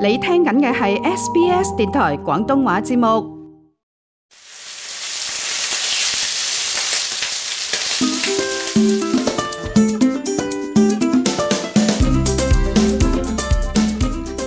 你聽緊嘅係 SBS 電台廣東話節目。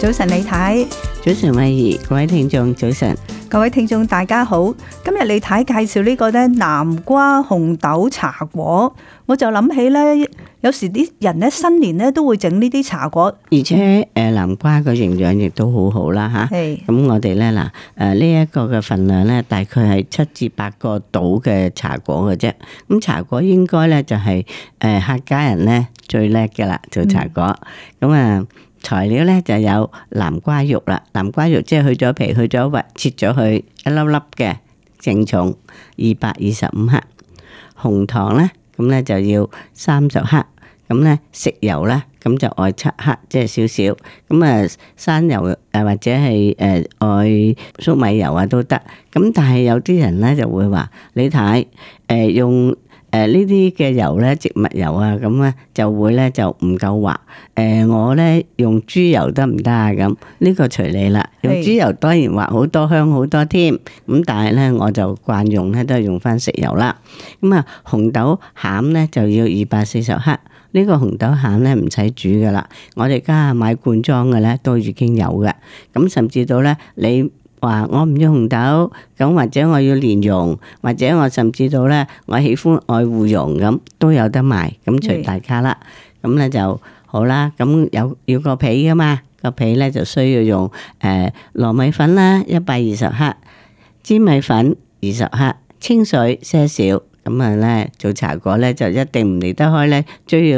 早晨，李太，早晨，慧儀，各位聽眾，早晨。各位聽眾大家好，今日李太介紹呢個咧南瓜紅豆茶果，我就諗起咧有時啲人咧新年咧都會整呢啲茶果，而且誒南瓜嘅營養亦都好好啦，吓。係。咁我哋咧嗱，誒呢一個嘅份量咧，大概係七至八個度嘅茶果嘅啫。咁茶果應該咧就係誒客家人咧最叻嘅啦，做茶果咁啊。材料咧就有南瓜肉啦，南瓜肉即係去咗皮、去咗核、切咗去一粒粒嘅，淨重二百二十五克。紅糖咧，咁咧就要三十克，咁咧食油咧，咁就要七克，即係少少。咁啊，生油啊或者係誒要粟米油啊都得。咁但係有啲人咧就會話你睇誒用。誒，呃、呢啲嘅油咧，植物油啊，咁咧就會咧就唔夠滑。誒、呃，我咧用豬油得唔得啊？咁呢個隨你啦。是用豬油當然滑好多，香好多添。咁但係咧，我就慣用咧都係用翻食油啦。咁、嗯、啊，紅豆餡咧就要二百四十克。呢、這個紅豆餡咧唔使煮噶啦。我哋家下買罐裝嘅咧都已經有嘅。咁、嗯、甚至到咧你。話我唔要紅豆，咁或者我要蓮蓉，或者我甚至到呢，我喜歡愛護蓉，咁都有得賣，咁隨大家啦。咁呢是就好啦。咁有要個皮噶嘛，個皮呢就需要用誒、呃、糯米粉啦，一百二十克，粘米粉二十克，清水些少。咁啊呢，做茶果呢就一定唔離得開呢，需要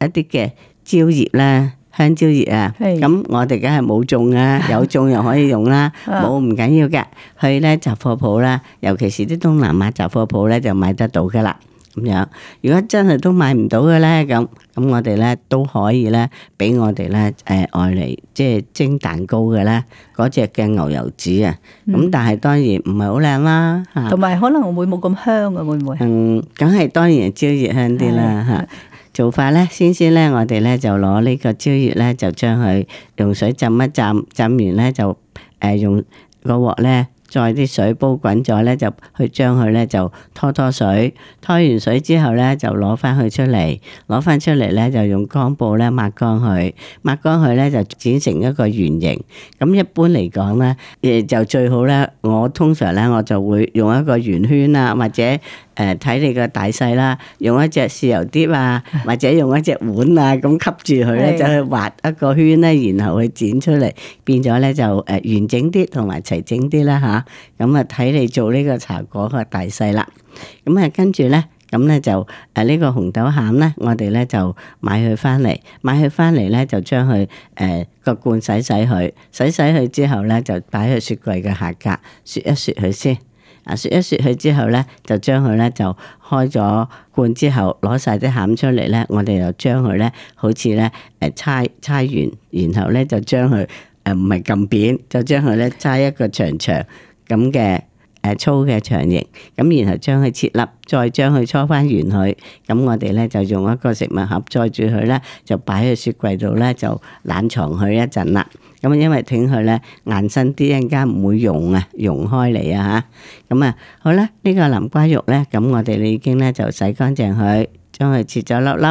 一啲嘅蕉葉啦。香蕉葉啊，咁 我哋梗係冇種啦、啊，有種又可以用啦，冇唔緊要嘅。去咧雜貨鋪啦，尤其是啲東南亞雜貨鋪咧就買得到噶啦，咁樣。如果真係都買唔到嘅咧，咁咁我哋咧都可以咧，俾我哋咧誒愛嚟即係蒸蛋糕嘅咧，嗰隻嘅牛油紙啊。咁但係當然唔係好靚啦，同埋可能會冇咁香啊會唔會？嗯，梗係當然蕉葉香啲、啊嗯、啦嚇。 嗯做法咧，先先咧，我哋咧就攞呢個蕉葉咧，就將佢用水浸一浸，浸完咧就誒用個鑊咧，再啲水煲滾咗咧，就去將佢咧就拖拖水，拖完水之後咧就攞翻佢出嚟，攞翻出嚟咧就用乾布咧抹乾佢，抹乾佢咧就剪成一個圓形。咁一般嚟講咧，誒就最好咧，我通常咧我就會用一個圓圈啊，或者。誒，睇你個大細啦，用一隻豉油碟啊，或者用一隻碗啊，咁吸住佢咧，就去畫一個圈咧，然後去剪出嚟，變咗咧就誒完整啲，同埋齊整啲啦吓。咁啊，睇你做呢個茶果個大細啦。咁、嗯、啊，跟住咧，咁咧就誒呢個紅豆餡咧，我哋咧就買佢翻嚟，買佢翻嚟咧就將佢誒個罐洗洗佢，洗洗佢之後咧就擺喺雪櫃嘅下格，雪一雪佢先。啊！削一削佢之後咧，就將佢咧就開咗罐之後，攞晒啲餡出嚟咧，我哋就將佢咧好似咧誒，搓搓完，然後咧就將佢誒唔係咁扁，就將佢咧猜一個長長咁嘅。粗嘅長形，咁然後將佢切粒，再將佢搓翻圓佢，咁我哋咧就用一個食物盒載住佢咧，就擺喺雪櫃度咧就冷藏佢一陣啦。咁因為等佢咧硬身啲，一陣間唔會溶啊，溶開嚟啊吓。咁啊，好啦，呢、這個南瓜肉咧，咁我哋已經咧就洗乾淨佢。將佢切咗粒粒，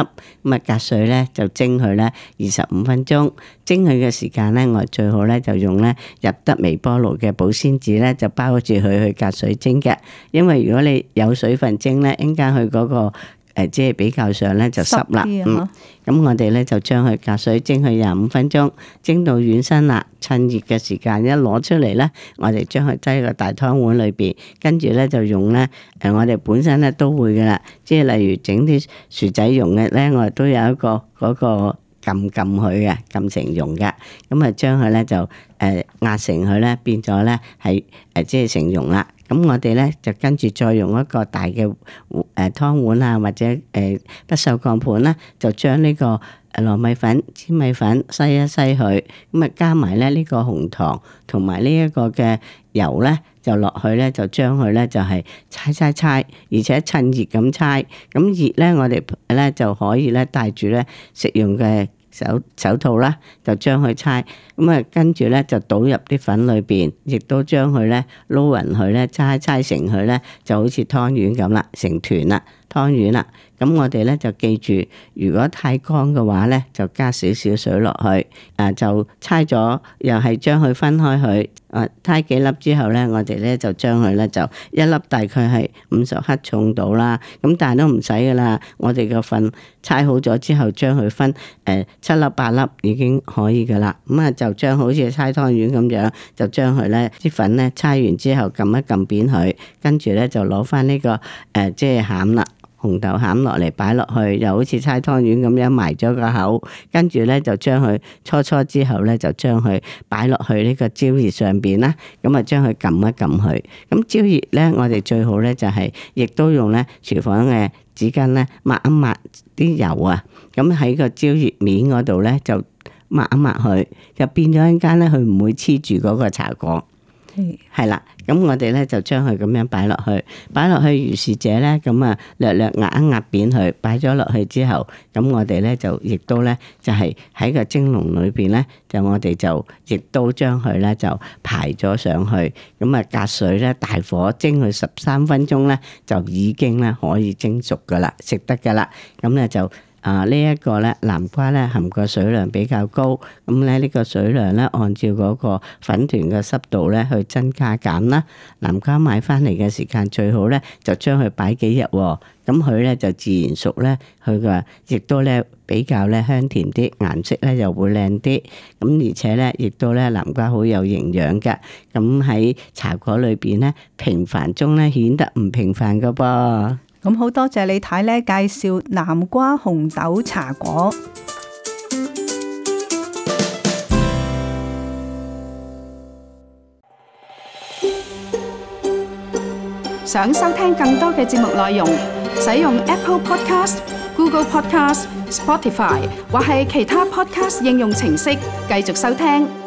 咁啊隔水咧就蒸佢咧二十五分鐘。蒸佢嘅時間咧，我最好咧就用咧入得微波爐嘅保鮮紙咧就包住佢去隔水蒸嘅。因為如果你有水分蒸咧，一陣間佢嗰個。誒，即係比較上咧就濕啦，嗯，咁、嗯、我哋咧就將佢隔水蒸佢廿五分鐘，蒸到軟身啦，趁熱嘅時間一攞出嚟咧，我哋將佢擠喺個大湯碗裏邊，跟住咧就用咧，誒，我哋本身咧都會噶啦，即係例如整啲薯仔蓉嘅咧，我哋都有一個嗰個。撳撳佢嘅，撳成蓉嘅，咁啊將佢咧就誒壓、呃、成佢咧變咗咧係誒即係成蓉啦。咁我哋咧就跟住再用一個大嘅誒、呃、湯碗啊或者誒、呃、不鏽鋼盤啦，就將呢個。糯米粉、粘米粉，篩一篩佢，咁啊加埋咧呢個紅糖，同埋呢一個嘅油咧，就落去咧，就將佢咧就係搋搋搋，而且趁熱咁搋，咁熱咧我哋咧就可以咧戴住咧食用嘅手手套啦，就將佢搋，咁啊跟住咧就倒入啲粉裏邊，亦都將佢咧撈勻佢咧，搋搋成佢咧就好似湯圓咁啦，成團啦。湯圓啦，咁我哋呢就記住，如果太乾嘅話呢，就加少少水落去。啊，就猜咗，又係將佢分開佢。啊，拆幾粒之後呢，我哋呢就將佢呢，就一粒大概係五十克重到啦。咁但係都唔使噶啦，我哋個粉猜好咗之後，將佢分誒七粒八粒已經可以噶啦。咁啊，就將好似猜湯圓咁樣，就將佢呢啲粉呢猜完之後，撳一撳扁佢，跟住呢，就攞翻呢個誒即係餡啦。紅豆餡落嚟擺落去，又好似猜湯圓咁樣埋咗個口，跟住呢，就將佢搓搓之後呢就將佢擺落去呢個蕉葉上邊啦。咁啊，將佢撳一撳佢。咁蕉葉呢，我哋最好呢就係、是，亦都用呢廚房嘅紙巾呢抹一抹啲油啊。咁喺個蕉葉面嗰度呢，就抹一抹佢，就變咗一間呢，佢唔會黐住嗰個茶果。係是，係啦。咁我哋咧就將佢咁樣擺落去，擺落去如是者咧，咁啊略略壓一壓扁佢，擺咗落去之後，咁我哋咧就亦都咧就係喺個蒸籠裏邊咧，就我哋就亦都將佢咧就排咗上去，咁啊隔水咧大火蒸佢十三分鐘咧，就已經咧可以蒸熟㗎喇，食得㗎喇，咁咧就。啊！這個、呢一個咧，南瓜咧，含個水量比較高，咁咧呢個水量咧，按照嗰個粉團嘅濕度咧，去增加減啦。南瓜買翻嚟嘅時間最好咧，就將佢擺幾日喎、哦，咁佢咧就自然熟咧，佢嘅亦都咧比較咧香甜啲，顏色咧又會靚啲，咁、嗯、而且咧亦都咧南瓜好有營養㗎，咁、嗯、喺茶果裏邊咧平凡中咧顯得唔平凡㗎噃。咁好，多謝你睇呢，介紹南瓜紅豆茶果。想收聽更多嘅節目內容，使用 Apple Podcast、Google Podcast、Spotify 或係其他 Podcast 應用程式繼續收聽。